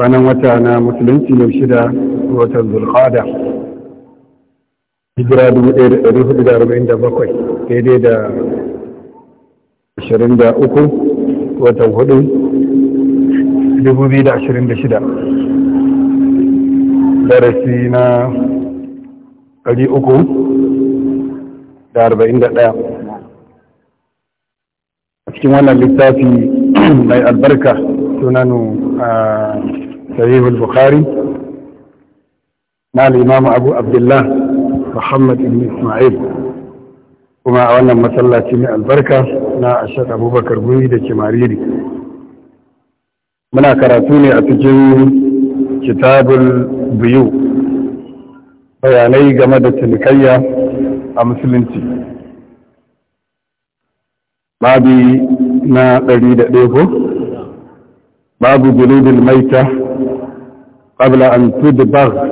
ranar wata na musulunci na shida watan zulqada hijira 1447 daidai da 23 watan 4 2026 darasi na 341 a cikin wannan littafi mai albarka sunanu a ah, صحيح Bukhari مع الإمام أبو عبد الله محمد بن kuma a wannan masallaci mai albarka na ashad abubakar guri da kimariri muna karatu ne a cikin kitabul biyu bayanai game da cinikayya a musulunci Babu na ɗari da ɗaya babu gulubin maita قبل أن تدبغ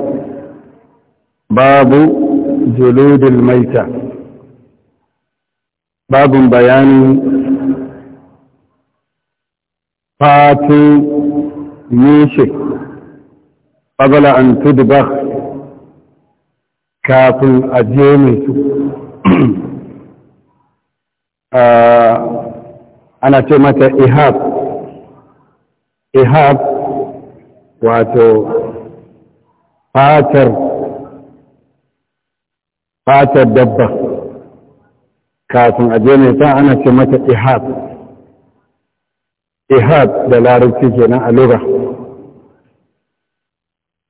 باب جلود الميتة باب بيان فات يوشك قبل أن تدبغ كاف أجيمت أنا تمت إهاب إهاب wato fatar fatar dabba kafin a je ta ana ce mata ihab ihab da larabci kenan a lura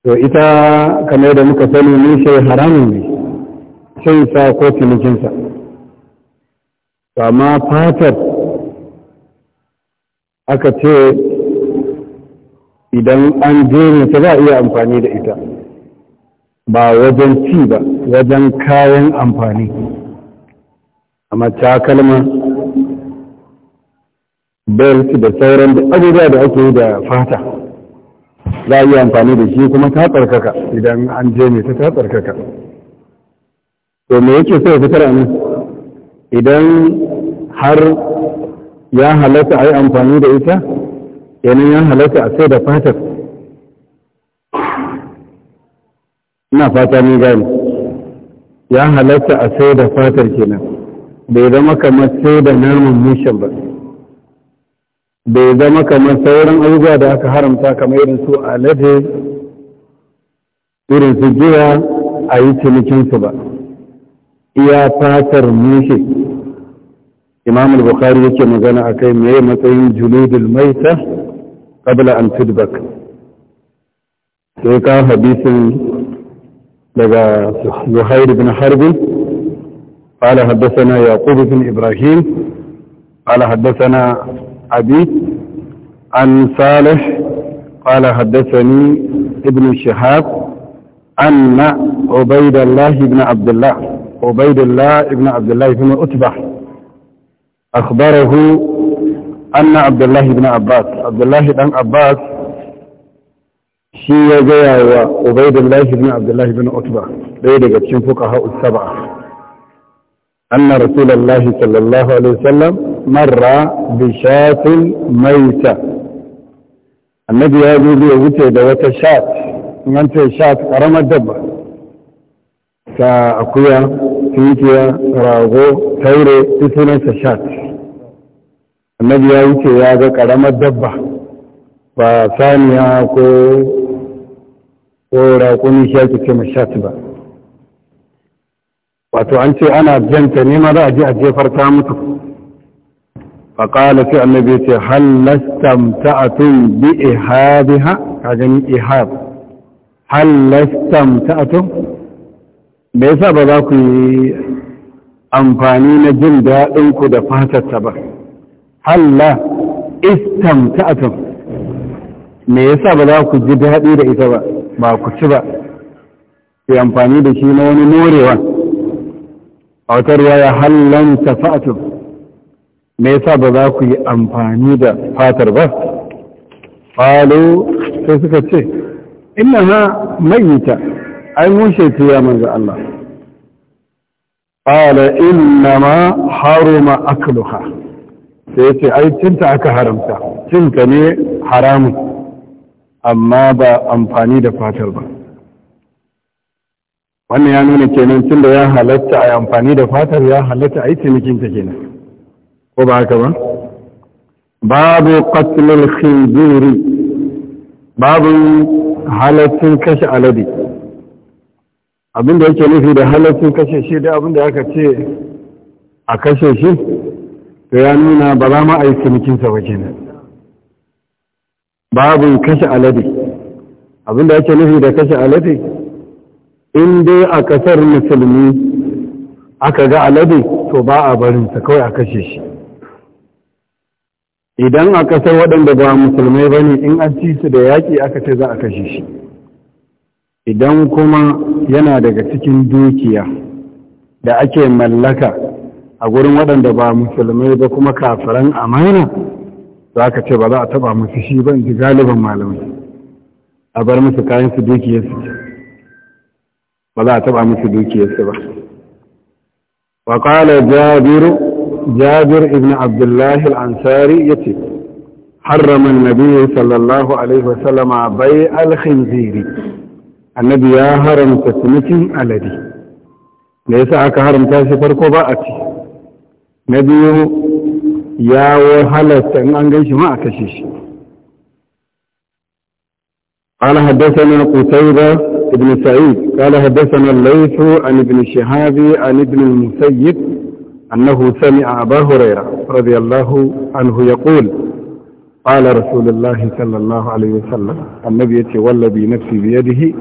to ita kamar da muka sani ni shai haramun ne cin sa ko cinikinsa amma fatar aka ce idan an jere ta za a iya amfani da ita ba wajen ci ba wajen kayan amfani amma takalma belt da sauran da abubuwa da ake yi da fata za a iya amfani da shi kuma ta tsarkaka idan an je ne ta ta tsarkaka to me yake so ya fitar a nan idan har ya halatta a yi amfani da ita kenan yan halatta a sai da fatar ina fata ni gani ya halatta a sai da fatar kenan bai zama kamar sai da naman mushen ba bai zama kamar sauran abubuwa da aka haramta kamar irin su alade irin su jiya a yi cinikinsu ba iya fatar mushe imam al-bukhari yake magana akai meye matsayin juludul maita قبل أن تدبك sai حديث hadisin زهير بن حرب قال حدثنا يعقوب بن إبراهيم قال حدثنا أبي عن صالح قال حدثني ابن شهاب أن عبيد الله بن عبد الله عبيد الله بن عبد الله بن أتبع أخبره anna abdullahi bin abbas abdullahi dan abbas shi ya gaya wa ubaidullahi bin abdullahi bin utba ɗaya daga cikin fuka fuqaha usaba anna rasulullahi sallallahu alaihi wasallam marra bi shatin maita annabi ya zo ya wuce da wata shat in ce shat karamar dabba ta akuya tunkiya rago taure duk sunansa shat annabi ya wuce ya ga ƙaramar dabba ba saniya ko ko raƙuni shi ce mashati ba wato an ce ana janta ne ma za a je a jefar ta mutu faƙala sai annabi ya ce hallastamta'atun bi ihabiha ka gani ihab hallastamta'atun me yasa ba za ku yi amfani na jin daɗinku da fatarta ba Allah istamta'atum me yasa ba za ku ji daɗi da ita ba ba ku ci ba sai amfani da shi na wani morewa a wata ya hallan tafa'atum me yasa ba za ku yi amfani da fatar ba falo sai suka ce inna ha mayita ai mun shaitu ya manzo Allah qala inna ma haruma akluha sai ce ai cinta aka haramta cinta ne haramun amma ba amfani da fatar ba wannan ya nuna kenan tun da ya halatta a amfani da fatar ya halatta a yi cinikinta kenan ko ba haka ba babu qatlul khinziri babu halattun kashe alade abinda yake nufi da halattun kashe shi da abinda aka ce a kashe shi to ya nuna ba za ma a yi cinikinsa ba kenan babu kashe alade abinda ake nufi da kashe alade in dai a kasar musulmi aka ga alade to ba a barinsa kawai a kashe shi idan a kasar waɗanda ba musulmai ba ne in an ci su da yaƙi aka ce za a kashe shi idan kuma yana daga cikin dukiya da ake mallaka a gurin waɗanda ba musulmai ba kuma kafiran amana za ka ce ba za a taba musu shi ba inji galiban malamai a bar musu kayan su dukiyarsu ba za a taba musu dukiyarsu ba wa qala jabir jabir ibn abdullah al-ansari yace harrama an-nabi sallallahu alaihi wasallam bai al-khinziri annabi ya haramta cinikin alade me yasa aka haramta shi farko ba a ci na biyu yawo halatta in an ganshi ma a kashe shi قال حدثنا قتيبة ابن سعيد قال حدثنا الليث عن ابن شهاب عن ابن المسيب أنه سمع أبا هريرة رضي الله عنه يقول قال رسول الله صلى الله عليه وسلم النبي والذي نفسي بيده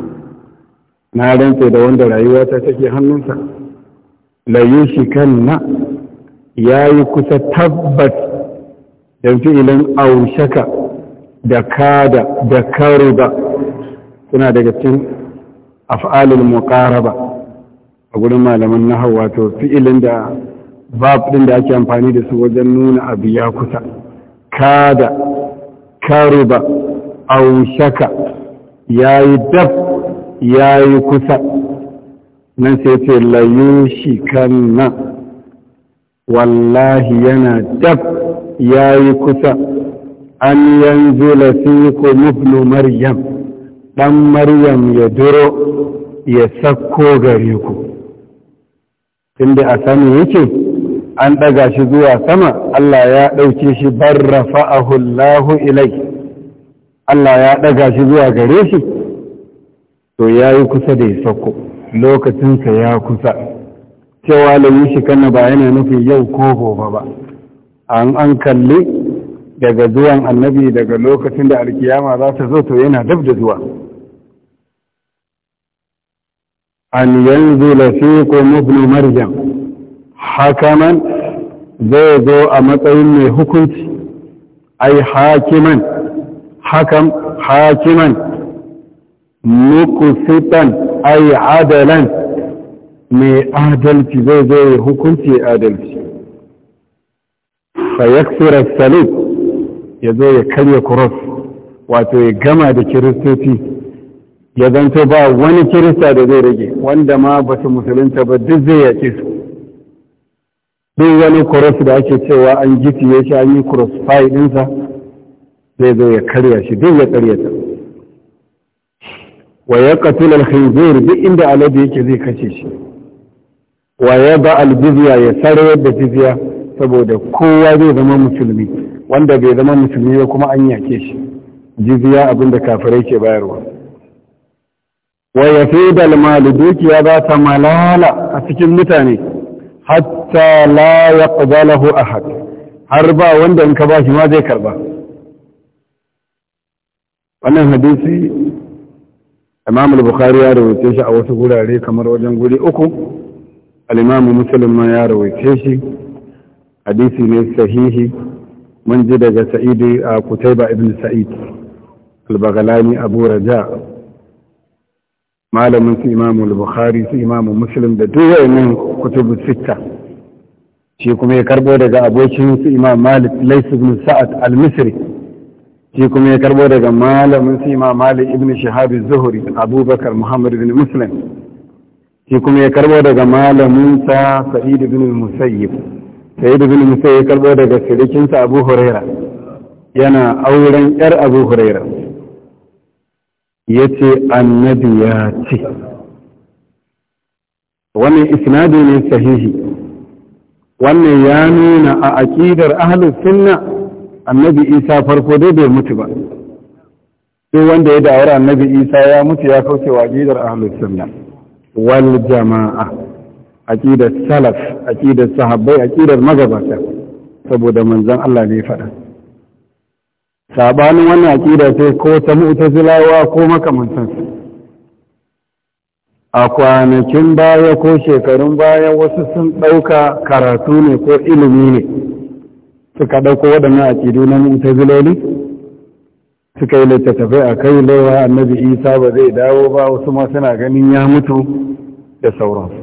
نادنت دون رأيواتا تكي هننسا ليوشكن ya yi kusa tabbat da fi'ilin aushaka da kada da karuba suna daga cikin af'alul muqaraba a gurin malaman nahwu wato fi'ilin da bab din da ake amfani da su wajen nuna abu ya kusa kada karuba aushaka yayi dab yayi kusa nan sai ce layushi kanna wallahi yana dab ya yi kusa an yanzu lafiku mubnu maryam ɗan maryam ya duro ya sakko gare ku inda a sani yake an ɗaga shi zuwa sama Allah ya ɗauke shi barrafa ahullahu ilai Allah ya ɗaga shi zuwa gare shi to ya yi kusa da ya sakko lokacinsa ya kusa cewa layi shi kanna ba yana nufin yau ko gobe ba an an kalli daga zuwan annabi daga lokacin da alkiyama za ta zo to yana dab da zuwa an yanzu lafi ko mubnu maryam hakaman zai zo a matsayin mai hukunci ai hakiman hakam hakiman mukusitan ai adalan mai adalci zai zo ya hukunci adalci fa yaksura salib ya zo ya karya kuros wato ya gama da kiristoci ya zanto ba wani kirista da zai rage wanda ma ba su musulunta ba duk zai yaƙe su duk wani kuros da ake cewa an ya shi an yi kuros fayi ɗinsa zai zo ya karya shi duk ya karyata wa ya katula alkhinzir duk inda alade yake zai kashe shi wa ya ba aljiziya ya sarar da jiziya saboda kowa zai zama musulmi wanda bai zama musulmi ba kuma an yake shi jiziya abinda da kafirai ke bayarwa wa ya fi dalmalu dukiya za ta malala a cikin mutane hatta la ya a ahad har ba wanda in ka ba shi ma zai karba wannan hadisi imam al-bukhari ya rubuce shi a wasu gurare kamar wajen guri uku al'imamu musulman ya rawaice shi hadisi ne sahihi mun ji daga sa'idi a kutaiba ibn sa'id albagalani abu raja malamin su imamu bukhari su imamu muslim da duk wayannan kutubu sitta shi kuma ya karbo daga abokin su imam malik lais ibn sa'ad al-misri shi kuma ya karbo daga malamin su imam malik ibn shahab az-zuhri abubakar muhammad ibn muslim shi kuma ya karbo daga malaminsa sa'id bin musayyib sa'id bin musayyib ya karbo daga shirikinsa abu huraira yana auren yar abu huraira ya ce annabi ya ce wannan isnadi ne sahihi wannan ya nuna a aƙidar ahlus sunna annabi isa farko dai bai mutu ba duk wanda ya da'awar annabi isa ya mutu ya kauce wa aƙidar ahlus sunna wal jama'a aqidar salaf aqidar sahabbai aqidar magabata saboda manzon Allah ne faɗa sabanin wannan aqida sai ko ta mu'tazilawa ko su. a kwanakin baya ko shekarun baya wasu sun ɗauka karatu ne ko ilimi ne suka ɗauko waɗannan aƙidu na mutaziloli suka yi littattafai a kai laiwa annabi isa ba zai dawo ba wasu ma suna ganin ya mutu da sauransu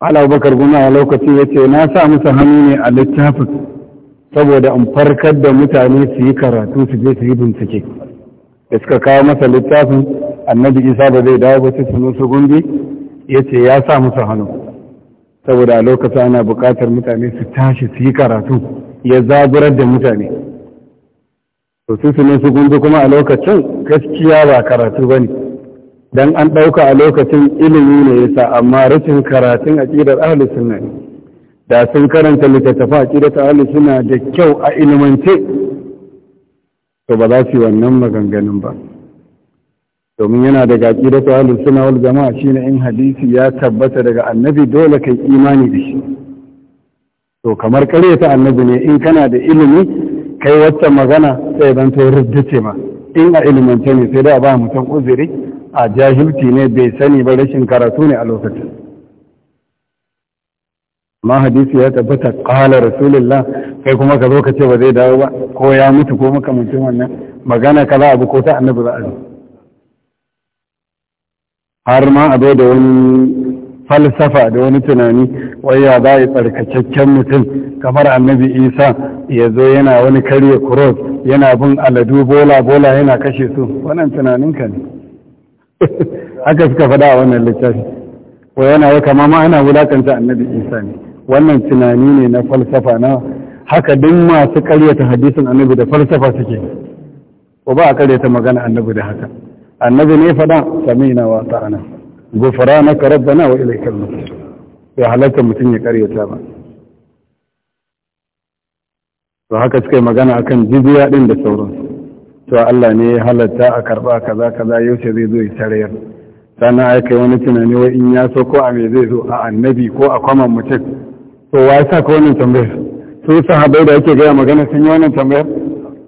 ala bakar guna a lokaci ya ce na sa musu hannu ne a littafin saboda in farkar da mutane su yi karatu su je su yi bincike da suka kawo masa littafin annabi isa ba zai dawo ba su sunu su gundi ya ce ya sa musu hannu saboda a lokacin ana buƙatar mutane su tashi su yi karatu ya zaburar da mutane to susunin su gunzu kuma a lokacin gaskiya ba karatu ba ne don an ɗauka a lokacin ilimi ne yasa amma rashin karatun a ƙidar ahalisun ne da sun karanta littattafa a ƙidar ahalisun na da kyau a ilimance to ba za su yi wannan maganganun ba domin yana daga ƙidar ahalisun na wal jama'a shi na in hadisi ya tabbata daga annabi dole kai imani da shi to kamar ta annabi ne in kana da ilimi kai waccan magana sai zan to rubdace ma in a ilimance ne sai dai a ba mutum uzuri a jahilci ne bai sani ba rashin karatu ne a lokacin ma hadisi ya tabbata qala rasulullah kai kuma ka zo ka ce ba zai dawo ba ko ya mutu ko maka mutum wannan magana kaza abu ko ta annabi za a har ma a da wani falsafa da wani tunani waya za a tsarkakakken mutum kamar annabi isa ya zo yana wani karya kuros yana bin aladu bola bola yana kashe su wannan tunaninka ne haka suka faɗa a wannan littafi wa yana wai kama ma ana wulakanta annabi isa ne wannan tunani ne na falsafa na haka duk masu karyata hadisin annabi da falsafa suke ko ba a karyata magana annabi da haka annabi ne faɗa sami na wata anan na na ربنا وإليك المصير ya halatta mutum ya karyata ba to haka suka yi magana akan jibiya din da sauran to Allah ne ya halatta a karba kaza kaza yaushe zai zo ya tarayar sannan ai kai wani tunani wai in ya so ko a me zai zo a annabi ko a kwaman mutum to wa ya sa ka wannan tambayar su sahabbai da yake gaya magana sun yi wannan tambayar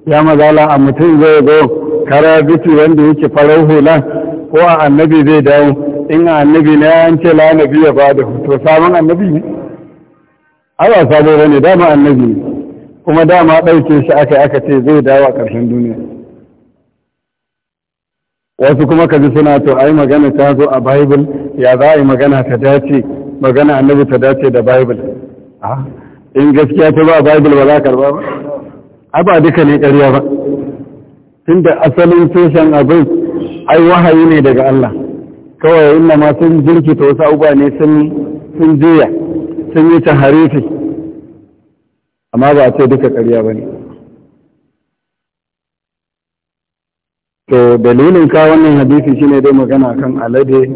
ya mazala a mutum zai zo kara biki wanda yake farar hula ko a annabi zai dawo in annabi na an ce la annabi ya ba da to sabon annabi ne Allah sabo ne dama annabi ne kuma dama ɗauke shi aka aka ce zai dawo a ƙarshen duniya wasu kuma ka ji suna to ai magana ta zo a bible ya za a yi magana ta dace magana annabi ta dace da bible in gaskiya ta ba bible ba za karba ba a ba duka ne ƙarya ba tunda asalin tushen abin ai wahayi ne daga Allah kawai inna ma sun ta wasu abubuwa ne sun juya sun yi harifi. amma ba a ce duka karya ba ne to dalilin ka wannan hadisi shine dai magana kan alade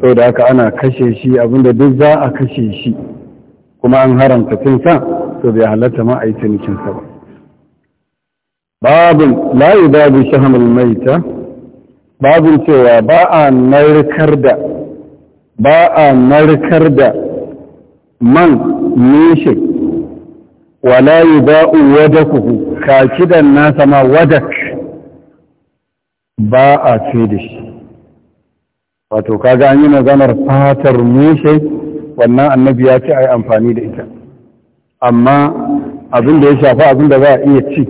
sau da aka ana kashe shi abinda duk za a kashe shi kuma an haramta cinsa to bai halatta ma a yi cinikinsa ba babin layi babu shahamul maita babin cewa ba a narkar da ba a narkar da man nishi wala yi ba'u wadakuhu kaki da nasa ma wadak ba a ce da shi wato kaga an yi maganar fatar nishi wannan annabi ya ce a yi amfani da ita amma abin da ya shafa, abin da za a iya ci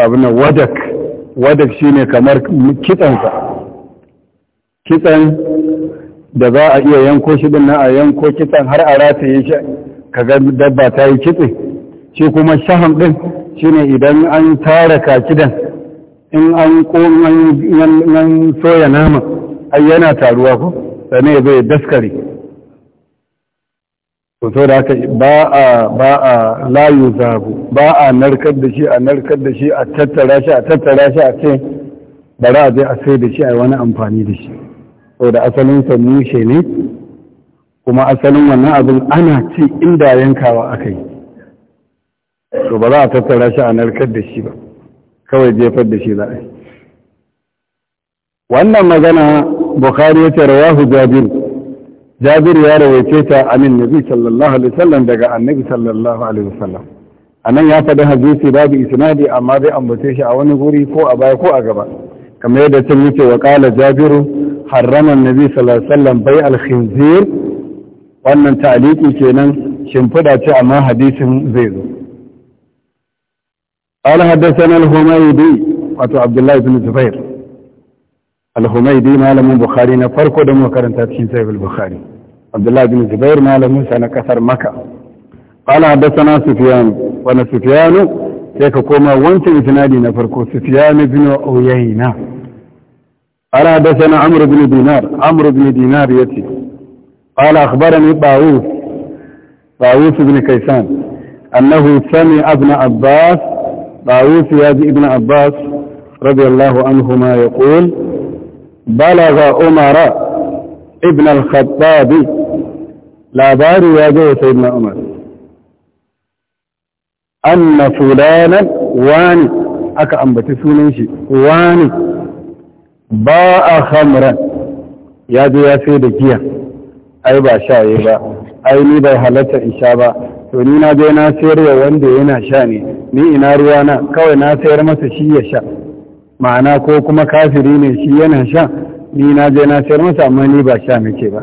abin wadak shi ne kamar kitsansa kitsan da za a iya yanko shi din na a yanko kitsan har a rataye shi kaga dabba ta yi kitse shi kuma shaham din shine idan an tara kakidan in an soya nama ai yana taruwa ku. sannan ya zai daskare to da haka ba a ba a layu zabu ba a narkar da shi a narkar da shi a tattara shi a tattara shi a ce bara a je a sai da shi a wani amfani da shi to da asalin sa mushe ne kuma asalin wannan abin ana ci inda yankawa aka yi to ba za a tattara shi a narkar da shi ba kawai jefar da shi za a yi wannan magana bukari ya ce rawahu jabir Jabiru ya rawaice ta amin nabi sallallahu alaihi wasallam daga annabi sallallahu alaihi wasallam anan ya faɗi hadisi babu isnadi amma bai ambace shi a wani guri ko a baya ko a gaba kamar yadda sun yi wa kala jabiru harrama Nabi sallallahu alaihi wasallam bai al-khinzir wannan ta'liqi kenan shimfida ce amma hadisin zai zo قال حدثنا الهميدي وعبد الله بن زبير الهميدي مالم البخاري نفرق دم وكرنتات شين سيف البخاري عبد الله بن زبير مالم موسى كثر مكة قال حدثنا سفيان وانا سفيان سيكا كوما وانت اثنادي نفرق سفيان بن اويينا قال حدثنا عمرو بن دينار عمرو بن دينار يتي قال اخبرني باوس باوس بن كيسان انه سمع ابن عباس باوس يادي ابن عباس رضي الله عنهما يقول بلغ عمر ابن الخطاب labari ya zo sai umar anna wani aka ambaci sunan shi wani ba a hamran ya zo ya sai da giya ai ba shaye ba ai ni bai halarta in sha ba to ni na je na sayar wa wanda yana sha ne ni ina ruwa na kawai na sayar masa shi ya sha ma'ana ko kuma kafiri ne shi yana sha ni na je na sayar masa amma ni ba sha nake ba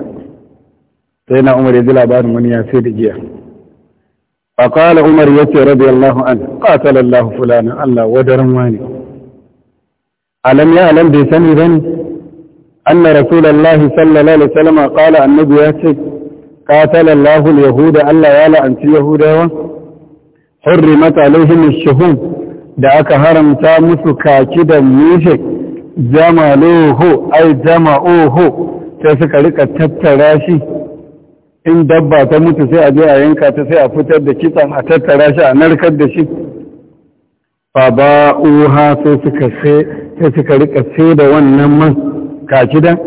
sai na umar ya ji labarin wani ya sai da jiya fa qala umar yace radiyallahu an qatala allah fulana allah wadaran wani alam ya alam bai sani bane anna rasulullah sallallahu alaihi wasallam qala annabi yace قاتل الله اليهود ألا يالا أنت يهودا حرمت عليهم الشهود da aka haramta musu kaki da mishe jamaluhu ai jama'uhu sai suka rika tattara shi in dabba ta mutu sai a je a yanka ta sai a fitar da kitsan a tattara shi a narkar da shi Baba Uha sai suka sai suka rika sai da wannan man kaki dan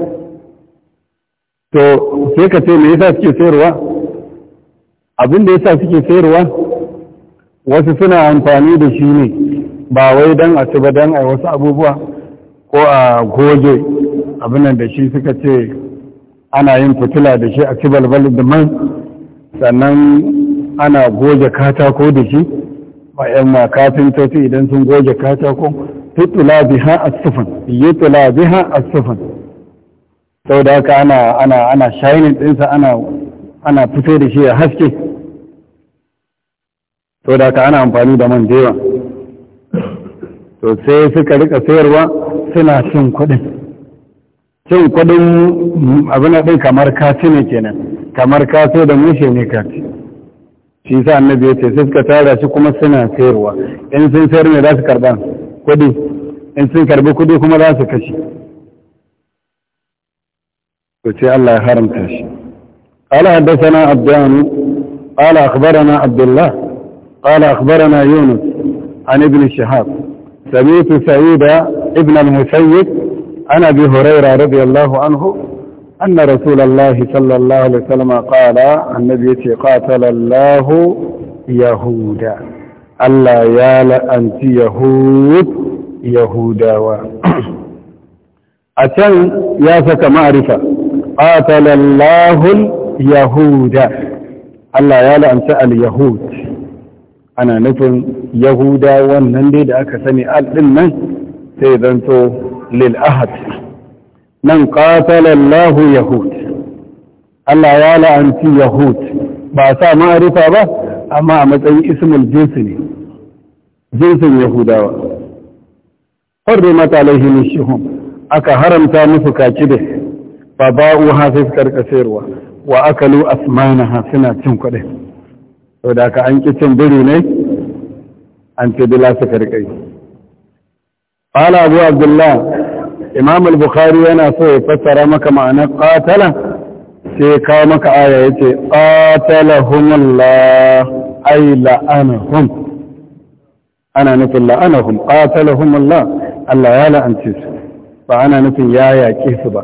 to sai ka ce me yasa suke sayarwa abin da yasa suke sayarwa wasu suna amfani da shi ne ba wai don a ci ba don a wasu abubuwa ko a goge abinan da shi suka ce ana yin fitila da shi a ci balbalin da mai sannan ana goge katako da shi ba yan ma tafi idan sun goge katako tutula biha asufan yutula biha sufan sau da haka ana ana ana ɗinsa ana ana fito da shi a haske sau da haka ana amfani da man da to sai suka rika sayarwa suna cin kuɗin cin kuɗin abin da ɗin kamar kaci ne kenan kamar kaso da mushe ne kaci shi sa annabi ya ce sai suka tara shi kuma suna sayarwa in sun sayar ne za su karɓa kuɗi in sun karɓi kuɗi kuma za su kashe to ce Allah ya haramta shi قال حدثنا عبدان قال أخبرنا عبد الله قال أخبرنا يونس عن ابن شهاب سميت سعيد ابن المسيب عن ابي هريره رضي الله عنه ان رسول الله صلى الله عليه وسلم قال عن النبي قاتل الله يهودا الله يا لأنت يهود يهودا أتن يا سك معرفة قاتل الله اليهود الله يا لأنت اليهود ana nufin yahuda wannan dai da aka sani alɗin nan sai zanto lil ahad nan qatalallahu yahud Allah ya la'anci yahud ba sa ma'arifa ba amma a matsayin ismul jinsi ne jinsin yahudawa mata alaihi shuhum aka haramta musu kaci da ba ba'u hafiz karkasirwa wa akalu asmanaha suna cin kuɗi sau da aka an cin biri ne an ce bila su karkai ƙala abu abdullah imam al-bukhari yana so ya fassara maka ma'anar ƙatala sai ya kawo maka aya ya ce ƙatalahumullah ai la'anahum ana nufin la'anahum ƙatalahumullah Allah ya la'ance su ba ana nufin ya yaƙe su ba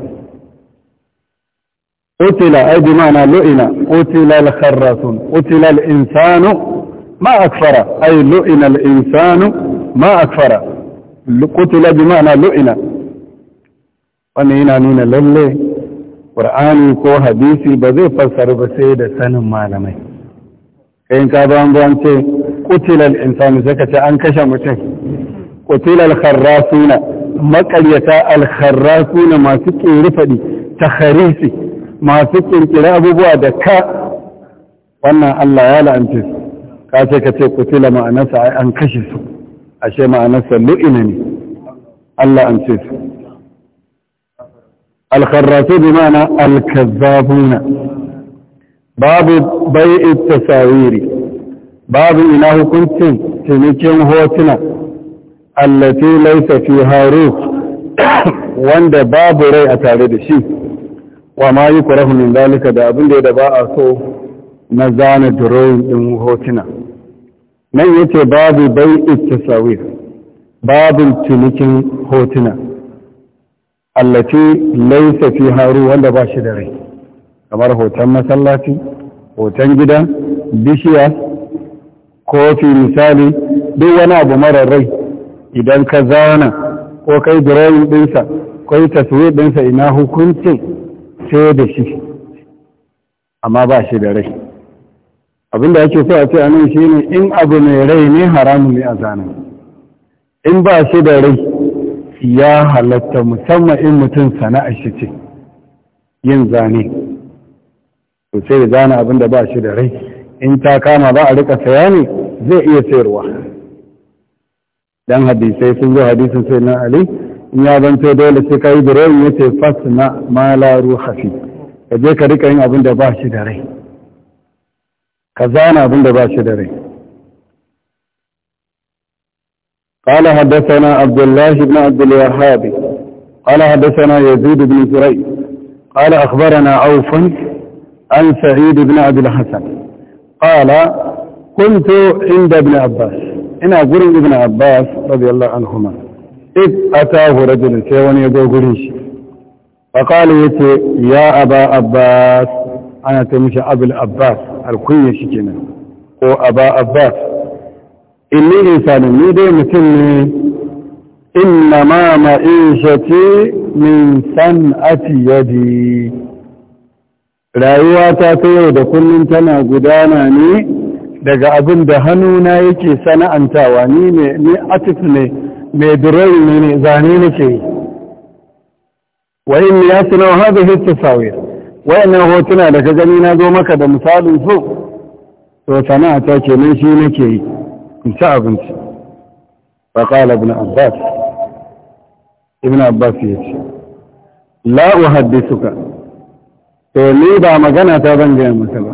قتل أي بمعنى لؤنا قتل الخراسون قتل الإنسان ما أكفر أي لؤنا الإنسان ما أكفر قتل بمعنى لؤنا ونهينا نين للي قرآني كو حديثي بذي فسر بسيد سن مالمي كين كابو عمدو أنت قتل الإنسان زكاة أنكشا مشاك قتل الخراسون مكاليتا الخراسون ما سكي رفدي تخريسي masu kirkiri abubuwa da ka wannan Allah ya la'ance su ka ce ka ce kutila ma'anarsa ai an kashe su ashe ma'anarsa lu'ina ne Allah an ce su alkharratu bi ma'ana alkazzabuna babu bai'i tasawiri babu ina hukuncin cinikin hotuna allati laysa fi ruh wanda babu rai a tare da shi wa ma yi kurahu min dalika da abin da ya da ba a so na zana drawing ɗin hotuna nan ce babu bai ittasawir babin cinikin hotuna allaci laisa fi haru wanda ba shi da rai kamar hoton masallaci hoton gida bishiya kofi misali duk wani abu marar rai idan ka zana ko kai drawing ɗinsa ko yi ɗinsa ina hukuncin sai da shi amma ba shi da rai abinda ake so a ce a nan shine in abu mai rai ne haramun ne a zanen in ba shi da rai ya halatta musamman in mutum sana'a shi ce yin zane to sai da zane abinda ba shi da rai in ta kama ba a rika saya ne zai iya sayarwa dan hadisai sun zo hadisin sai na ali in ya zanto dole sai ka yi da rai ya ce fas mala ruha fi ka je ka rika yin abin da ba shi da rai ka zana abin da ba shi da rai قال حدثنا عبد الله بن عبد الوهاب قال حدثنا يزيد بن زريع قال أخبرنا عوف عن سعيد بن عبد الحسن قال كنت عند ابن عباس انا قرن ابن عباس رضي الله عنهما إذ أتاه رجل سيوان يقوليش فقال يتي يا أبا أباس أنا تمشى أب الأباس الكوية شكنا هو أبا أباس إني إنسان ميدي مثلني إنما معيشتي من صنعة يدي رأيواتا تيو دكل من تنا قداناني لقى دهنونا يكي سنة أنتا وانيني أتفني mai durai ne zane nake yi wa in ya suna hadhihi tasawir wayannan hotuna da ka gani na zo maka da misalin su to sana'a ta nan shi nake yi in ci abinci Ba qala ibn abbas ibn abbas ya ce. La'u la uhaddithuka to ni ba magana ta zan gaya maka ba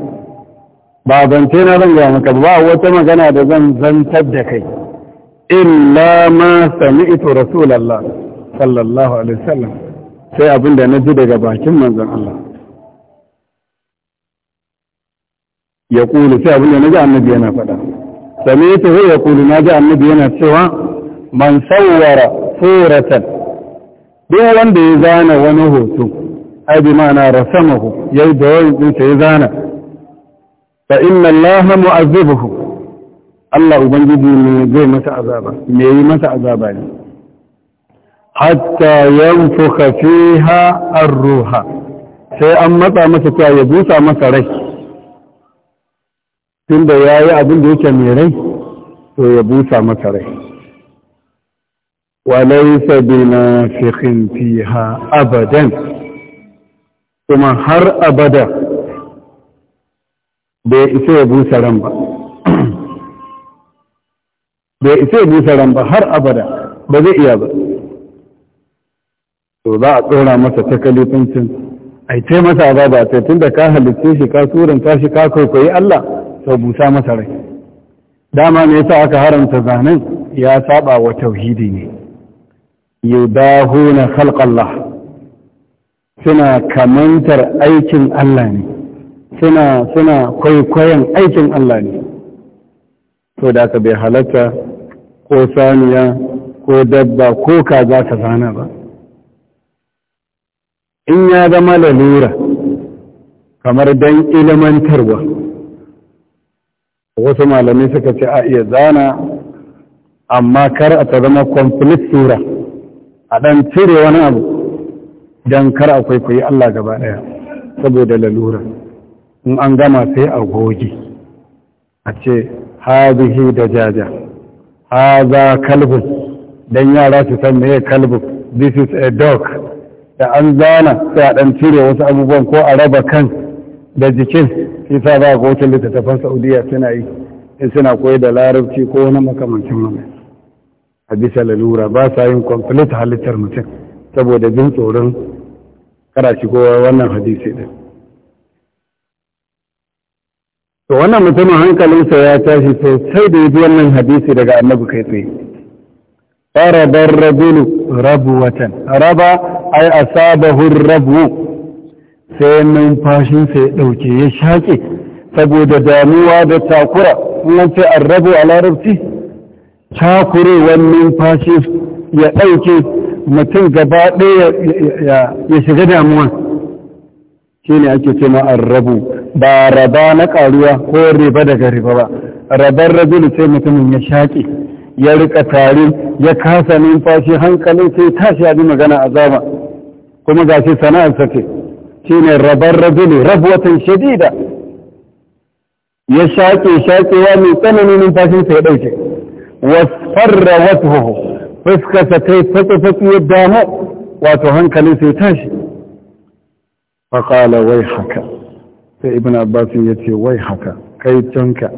ba zance na zan gaya maka ba wata magana da zan zantar da kai illa ma sami'tu rasulallah sallallahu alaihi wasallam sai abin da na ji daga bakin manzon Allah ya kulu sai abin da na ji annabi yana faɗa sami'tu hu ya kulu na ji annabi yana cewa man sawwara suratan duk wanda ya zana wani hoto ai bi ma'ana rasamahu yayi da wani ya zana fa inna allaha mu'azzibuhu Allah Ubangiji ne zai masa azaba, me yi masa azaba ne. Hatta yanfuka fiha ruha, sai an matsa masa cewa ya busa masa rai, tunda ya yi abin da yake mai rai, to ya busa masa rai. na bina fikin fiha abadan, kuma har abada bai isa ya busa ran ba. bai isa busa ran ba har abada ba zai iya ba to za a tsora masa ta kalifancin ai ce masa ba ba sai tunda ka halitta shi ka suranta shi ka kwaikwayi Allah to busa masa rai dama ne yasa aka haramta zanen ya saba wa tauhidi ne yudahuna khalqallah suna kamantar aikin Allah ne suna suna kwaikwayon aikin Allah ne to da aka bai halatta ko saniya ko dabba ko kaza ka zana ba in ya zama lalura kamar don ilimantarwa wasu malamai suka ce a iya zana amma kar a ta zama complete sura a ɗan cire wani abu don kar a kwaikwayi Allah gaba ɗaya saboda lalura in an gama sai a goge. a ce hazihi da jaja haza kalbin don yara su san meye kalbin this is a dog da an zana sai a ɗan cire wasu abubuwan ko a raba kan da jikin sa ba ga wata littattafan saudiya suna yi in suna koyi da larabci ko wani makamancin mamai a bisa lalura ba sa yin kwamfilita halittar mutum saboda jin tsoron karashi ko wannan hadisi din to wannan mutumin hankalinsa ya tashi sai sosai da yabi wannan hadisi daga annabi kai tsaye faraba rabu watan raba ai asabahu rabu sai numfashinsa ya ɗauke ya shaƙe. saboda damuwa da takura sai an rabu a larabci takurewar numfashi ya ɗauke mutum gaba ɗaya ya shiga damuwa shi ne ake ce ma arrabu ba raba na karuwa ko riba daga riba ba rabar rajulu sai mutumin ya shaƙe ya rika tari ya kasa numfashi hankalin sai tashi ya bi magana azaba kuma ga shi sana'ar sake shi ne rabar rajulu rabuwatan shadida ya shaƙe shaƙewa mai tsananin numfashinsa ya ɗauke wasfarra wasu fuskarsa ta yi fatsi-fatsi ya damu wato hankalin sai tashi faƙala wai haka sai ibn abbasin ya ce wai haka kai tunka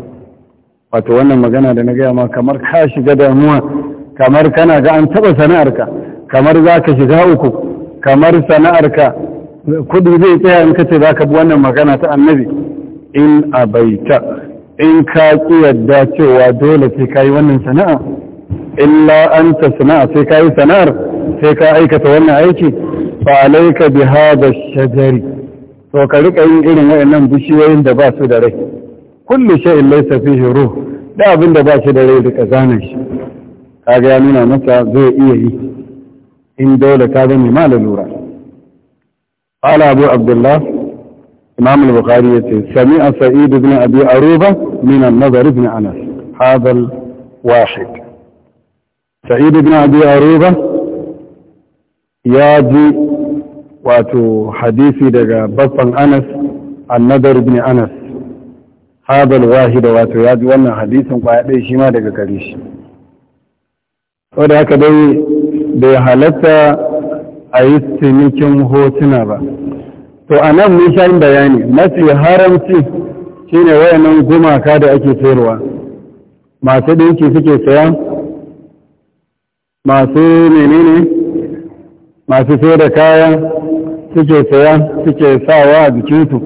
wato wannan magana da na gaya ma kamar ka shiga damuwa kamar kana ga an taɓa sana'arka kamar za ka shiga uku kamar sana'arka kudi zai tsaya in ka ce za ka bi wannan magana ta annabi in abaita in ka ƙi yadda cewa dole sai ka yi wannan sana'a illa an ta sana'a sai ka yi sana'ar sai ka aikata wannan aiki falaika bi hada shajari to ka rika yin irin wayannan bishiyoyin da ba su da rai kullu shay'in laysa fihi ruh da abin da ba shi da rai rika zana shi kaga ya nuna masa zai iya yi in dole ka zame ma lalura qala abu abdullah imam al-bukhari yace sami'a sa'id ibn abi aruba min an-nazar ibn anas hadha al-wahid sa'id ibn abi aruba ya ji wato hadisi daga babban anas annadar ibn anas habal wahida wato ya ji wannan hadisin kwaya ɗaya shi ma daga gare shi da haka dai bai halatta a yi cinikin hotuna ba to a nan nishan bayani mafi haramci shine wayannan gumaka da ake sayarwa masu ɗinki suke saya masu menene masu sayar da kayan? suke saya suke sawa a jikinsu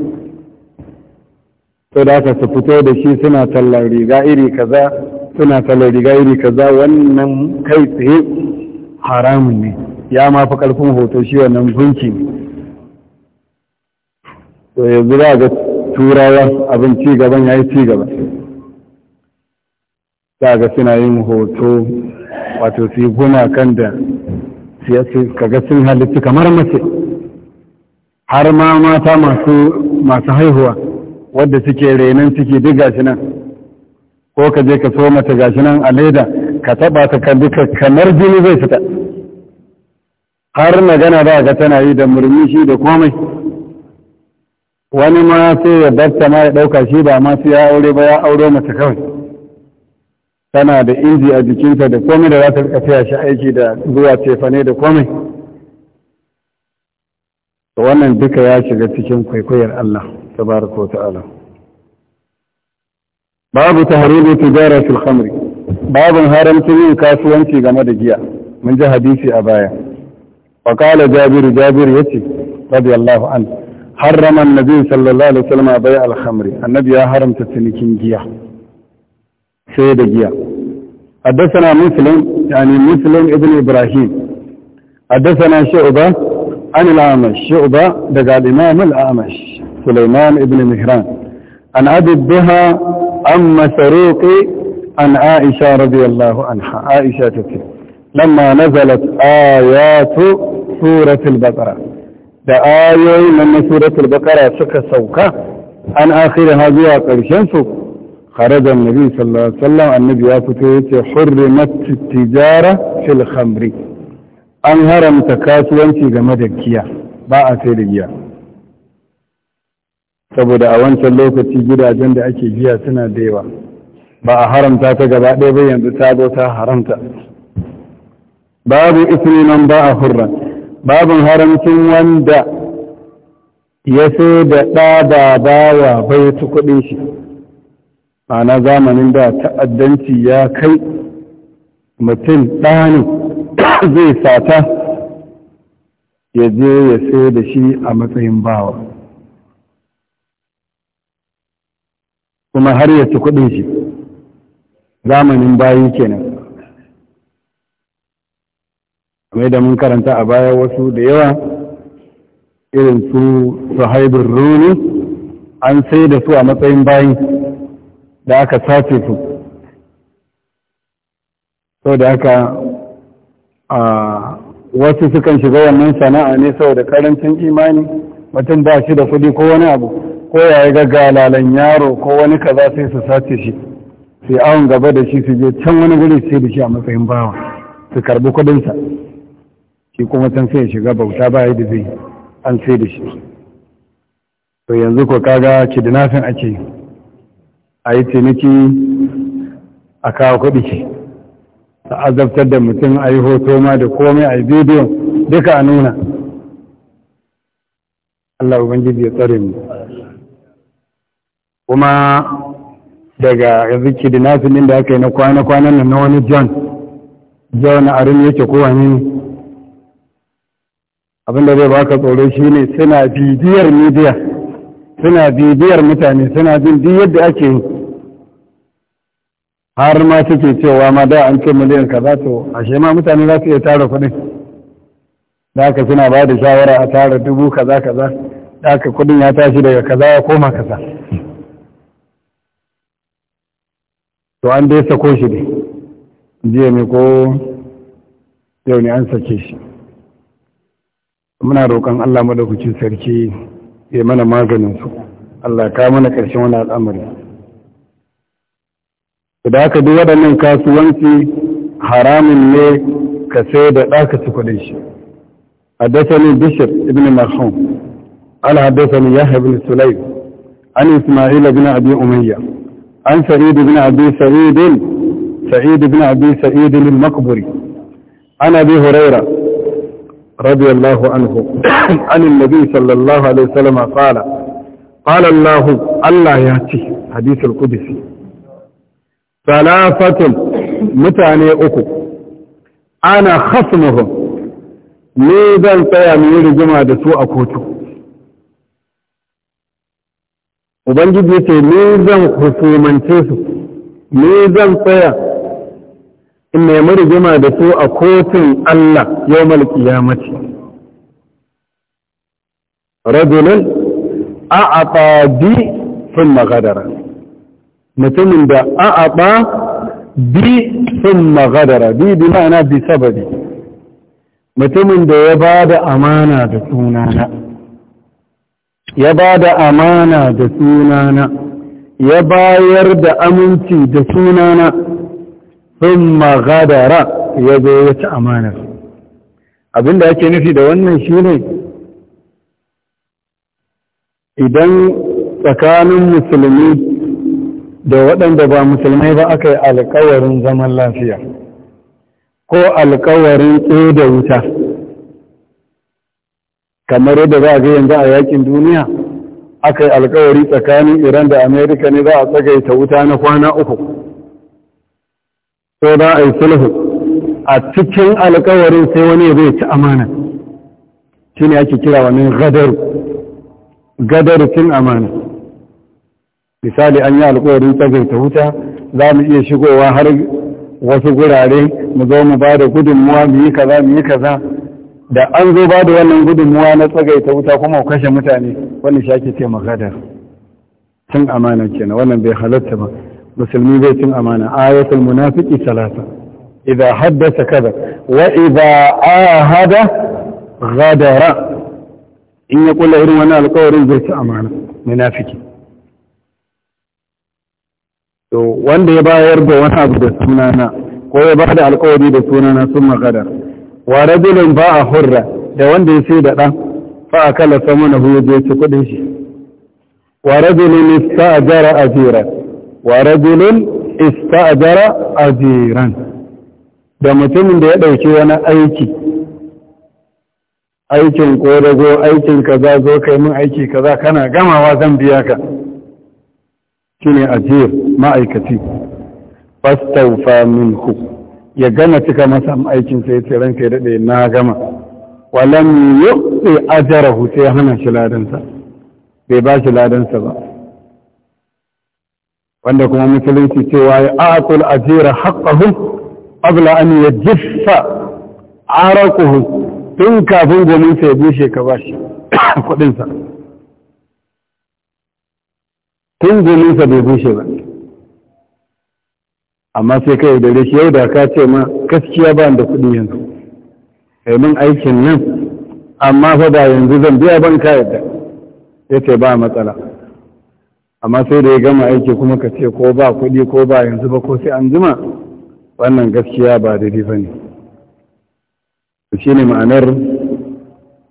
to da aka su fito da shi suna tallar riga iri kaza suna tallar riga iri kaza wannan kai tsaye haramun ne ya ma fi karfin hoto shi wannan gunki to yanzu za ga turawa abin ci gaban ya yi ci gaba za ga suna yin hoto wato su yi kan da Ka ga sun halittu kamar mace har ma mata masu haihuwa wadda suke renon ciki duk gashi nan ko ka je ka so mata gashi nan a leda ka taba ta kan duka kamar jini zai fita har magana ba ga tana yi da murmushi da komai wani ma sai ya barta ma ya ɗauka shi ba ma sai ya aure ba ya aure mace kawai tana da inji a jikinta da komai da za ta rika shi aiki da zuwa cefane da komai to wannan duka ya shiga cikin kwaikwayar Allah tabaraka wa ta'ala babu ta tijara fil khamri babu haramcin yin kasuwanci game da giya mun ji hadisi a baya wa qala jabiru jabiru yace radiyallahu anhu harrama annabi sallallahu alaihi wasallam bai al khamri annabi ya haramta cinikin giya sai da giya حدثنا مسلم musulun Ibn Ibrahim. ابراهيم حدثنا شعبه عن الأعمش شعبة دقى الإمام الأعمش سليمان ابن مهران أن أدد بها أم سروقي عن عائشة رضي الله عنها عائشة تكي لما نزلت آيات سورة البقرة دعاية لما سورة البقرة شك سوكة عن آخر هذه القرشان سوك خرج النبي صلى الله عليه وسلم النبي آفته حرمت التجارة في الخمر an haramta kasuwanci game da giya ba a sai da giya saboda a wancan lokaci gidajen da ake giya suna da yawa ba a haramta ta gaba ɗaya ba yanzu ta zo ta haramta babu ismi man ba a hurra babin haramcin wanda ya sai da ɗa ba bawa bai ta kuɗin shi a zamanin da ta'addanci ya kai mutum ɗa ne zai sata ya je ya sai da shi a matsayin bawa kuma har ya ci kudin shi zamanin bayi kenan kamar da mun karanta a baya wasu da yawa irin su sahibin runi an sai da su a matsayin bayi da aka sace su sau da aka a wasu sukan shiga wannan sana'a ne saboda karancin imani mutum ba shi da kuɗi ko wani abu ko ya yi galalan yaro ko wani kaza sai su sace shi sai awon gaba da shi su je can wani guri sai da shi a matsayin bawa su karbi kuɗinsa shi kuma can sai ya shiga bauta ba da zai an sai da shi to yanzu ko kaga kidnapping ake a yi ciniki a kawo kuɗi a azabtar da mutum a yi hoto ma da komai a yi bidiyo duka a nuna Allah Ubangiji ya tsare mu kuma daga yanzu kidnapping da aka yi na kwana-kwanan nan na wani John John Arin yake kowa ne abinda zai baka tsoro shine suna bidiyar media suna bibiyar mutane suna bin duk yadda ake yi har ma take cewa ma da an ce miliyan kaza to ashe ma mutane za su iya tara kuɗin da aka suna ba da shawara a tara dubu kaza kaza da aka kuɗin ya tashi daga kaza ya koma kaza to an dai sako shi ne jiya ne ko yau ne an sake shi muna roƙon Allah madaukakin sarki ya mana maganin su Allah ka mana ƙarshen wani al'amari da aka duk waɗannan kasuwanci haramun ne ka sai da ɗaka ci kuɗin shi haddasani bishir ibn marhum al haddasani yahya ibn sulaim an isma'il bin abi umayya an sa'id ibn abi sa'id sa'id bin abi sa'id al-maqburi an abi huraira رضي الله عنه عن النبي صلى الله عليه وسلم قال قال الله الله ياتي حديث القدسي salafatun mutane uku ana khasmuhum ne zan tsaya mai rigima da su a kotu ubangiji ce ne zan husumance su ne zan tsaya in nemi rigima da su a kotun Allah yau mace. rajulun a a ƙadi sun magadara mutumin da a'aba bi sun magadara bi bi ma'ana bi sababi mutumin da ya bada amana da sunana ya bada amana da sunana ya bayar da aminci da sunana sun magadara ya zo ya ci amanar abinda yake nufi da wannan shine idan tsakanin musulmi da waɗanda ba musulmai ba aka yi alkawarin zaman lafiya ko alkawarin da wuta kamar yadda za a ga yanzu a yakin duniya aka yi alkawari tsakanin iran da amerika ne za a tsagaita wuta na kwana uku ko za a yi sulhu a cikin alkawarin sai wani zai ci amana shi ne ake kira wani gadar gadar cin amana misali an yi alkawarin tsagaita wuta za mu iya shigowa har wasu gurare mu zo mu ba da gudunmuwa mu yi kaza mu yi kaza da an zo ba da wannan gudunmuwa na tsagaita wuta kuma ku kashe mutane wannan shi ake ce magada cin amana kenan wannan bai halatta ba musulmi bai cin amana ayatul munafiqi talata idza haddasa kaza wa idza ahada ghadara in ya kula irin wannan alƙawarin zai ci amana munafiki to wanda ya bayar da wani abu da sunana ko ya ba da alkawari da sunana sun magana wa rajulun ba a hurra da wanda ya sai da ɗan fa a kala sama na huyo je ci kuɗin shi wa rajulun a jiran wa rajulun a jiran. da mutumin da ya ɗauki wani aiki aikin ko ƙorago aikin kaza zo kai min aiki kaza kana gamawa zan biya ka shine ajir ma'aikaci fastaufa minhu ya gama cika masa aikin sai ce ranka ya dade na gama walam ajara ajrahu sai hana shi ladansa bai ba shi ladansa ba wanda kuma musulunci cewa ya aqul ajira haqqahu abla an yajiffa araquhu tun kafin gomin sai bushe ka bashi kudin sa tungulinsa bai bushe ba amma sai kai da shi yau da ka ce ma gaskiya ba da kuɗi yanzu kai aikin nan amma fa ba yanzu zan biya ban ka yadda ya ce ba matsala amma sai da ya gama aiki kuma ka ce ko ba kuɗi ko ba yanzu ba ko sai an jima wannan gaskiya ba dadi ba ne shi ne ma'anar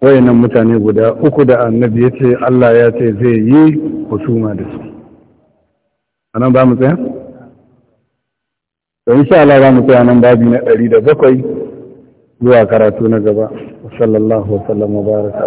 wayannan mutane guda uku da annabi ya ce allah ya ce zai yi husuma da su a nan ba mu tsaya? da insha Allah za mu tsaya nan babi na 107 zuwa karatu na gaba sallallahu wasallam wa baraka